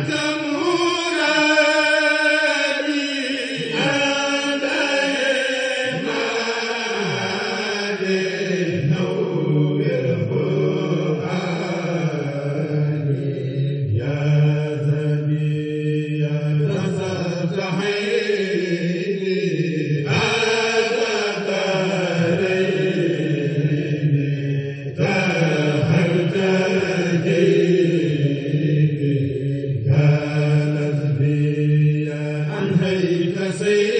Adam. say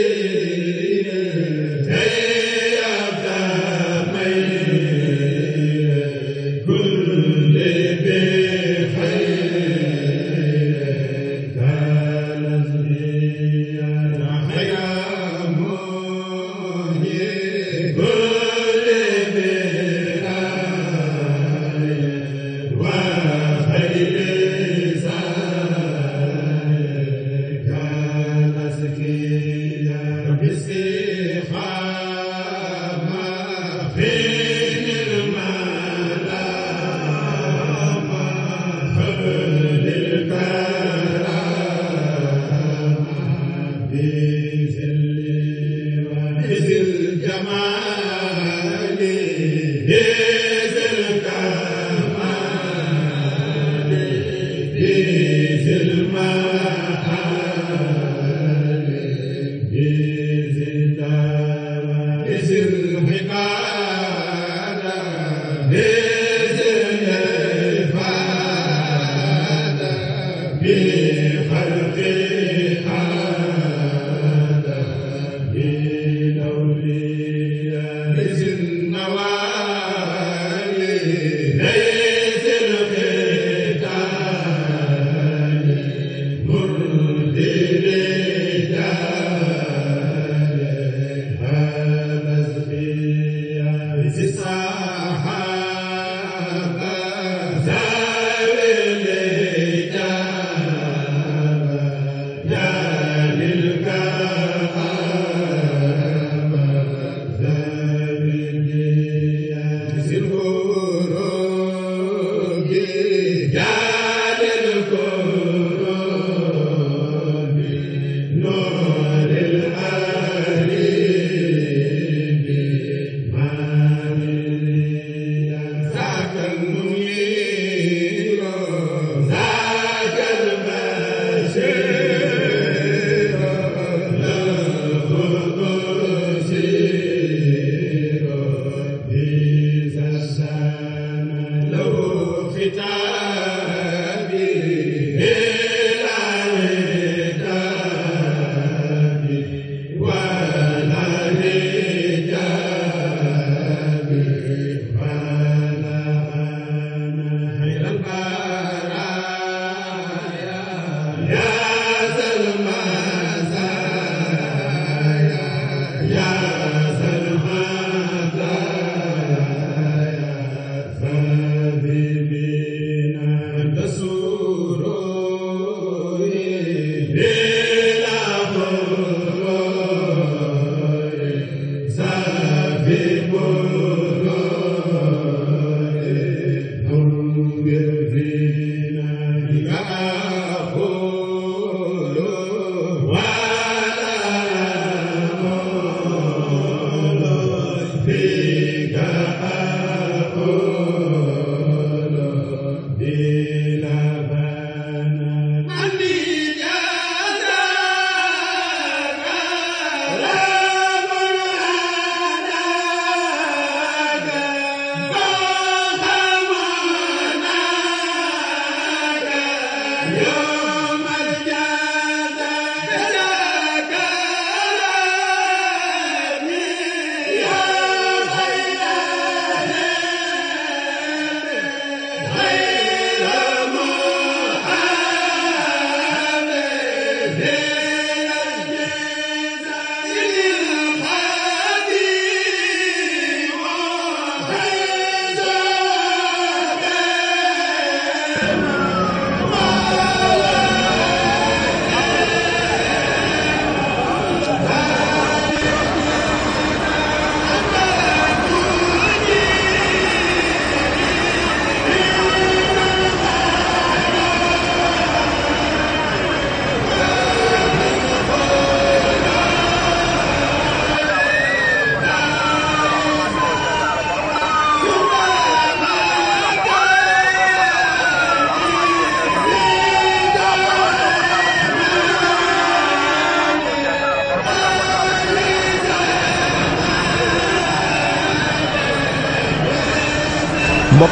Amen.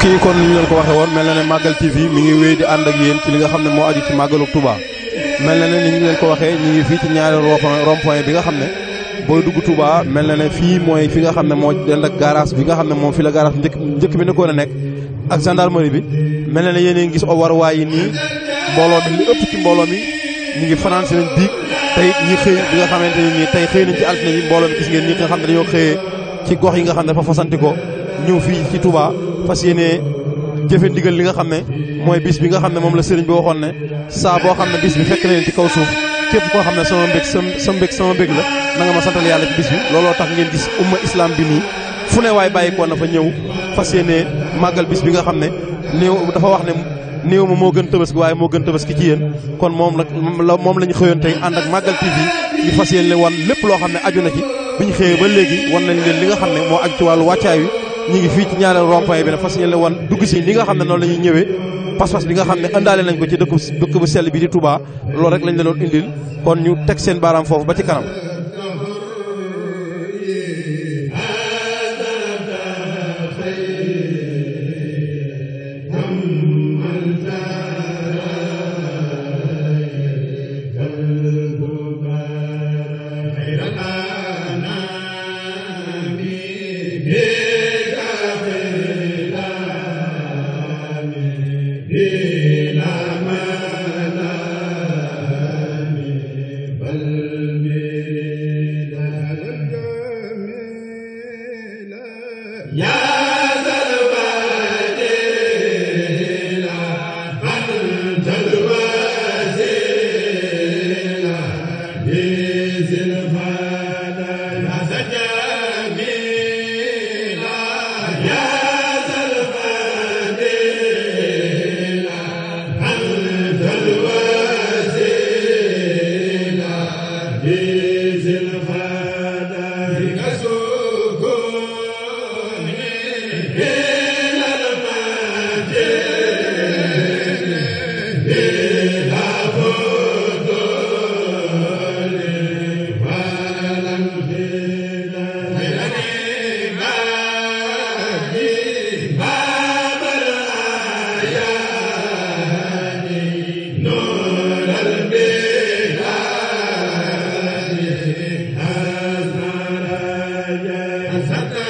mbokk kon ni ñu leen ko waxee woon mel na ne Magal TV mi ngi wéy di ànd ak yéen ci li nga xam ne moo aju ci Magalu Touba mel na ne ni ñu leen ko waxee ñu ngi fii ci ñaari rond bi nga xam ne booy dugg Touba mel na ne fii mooy fi nga xam ne moo dend ak garage bi nga xam ne moom fi la garage njëkk njëkk bi nekkoon a nekk ak gendarmerie bi mel na ne yéen a gis o waruwaay yi nii mbooloo bi li ëpp ci mbooloo mi ñu ngi fanaan seen biig tey ñi xëy bi nga xamante ne nii tey xëy ci altine mbooloo ngeen ñi nga xam ne dañoo ci gox yi nga xam ne dafa ñëw fii ci Touba fas yéenee jëfe ndigal li nga xam ne mooy bis bi nga xam ne moom la sëriñ bi waxoon ne saa boo xam ne bis bi fekk na leen ci kaw suuf képp koo xam ne sama mbég sama mbég sama mbég la na nga ma santal yàlla ci bis bi looloo tax ngeen gis umma islam bi nii fu ne waay bàyyi ko na fa ñëw fas yéenee màggal bis bi nga xam ne néew dafa wax ne néew ma moo gën tëbaski waaye moo gën tëbaski ci yéen kon moom la moom la ñu xëyoon tey ànd ak màggal wan lépp loo xam ne aju na ci bi ñu xëyee nañ leen li nga xam ne moo aju ci wàllu wàccaay wi ñu ngi fii ci ñaareel rond-point bi ne fas yéene wan dugg si li nga xam ne noonu la ñuy pas-pas bi nga xam ne andaale nañ ko ci dëkk dëkk bu sell bi di Touba loolu rek lañ la indil kon ñu teg seen baaraam foofu ba ci kanam ذهب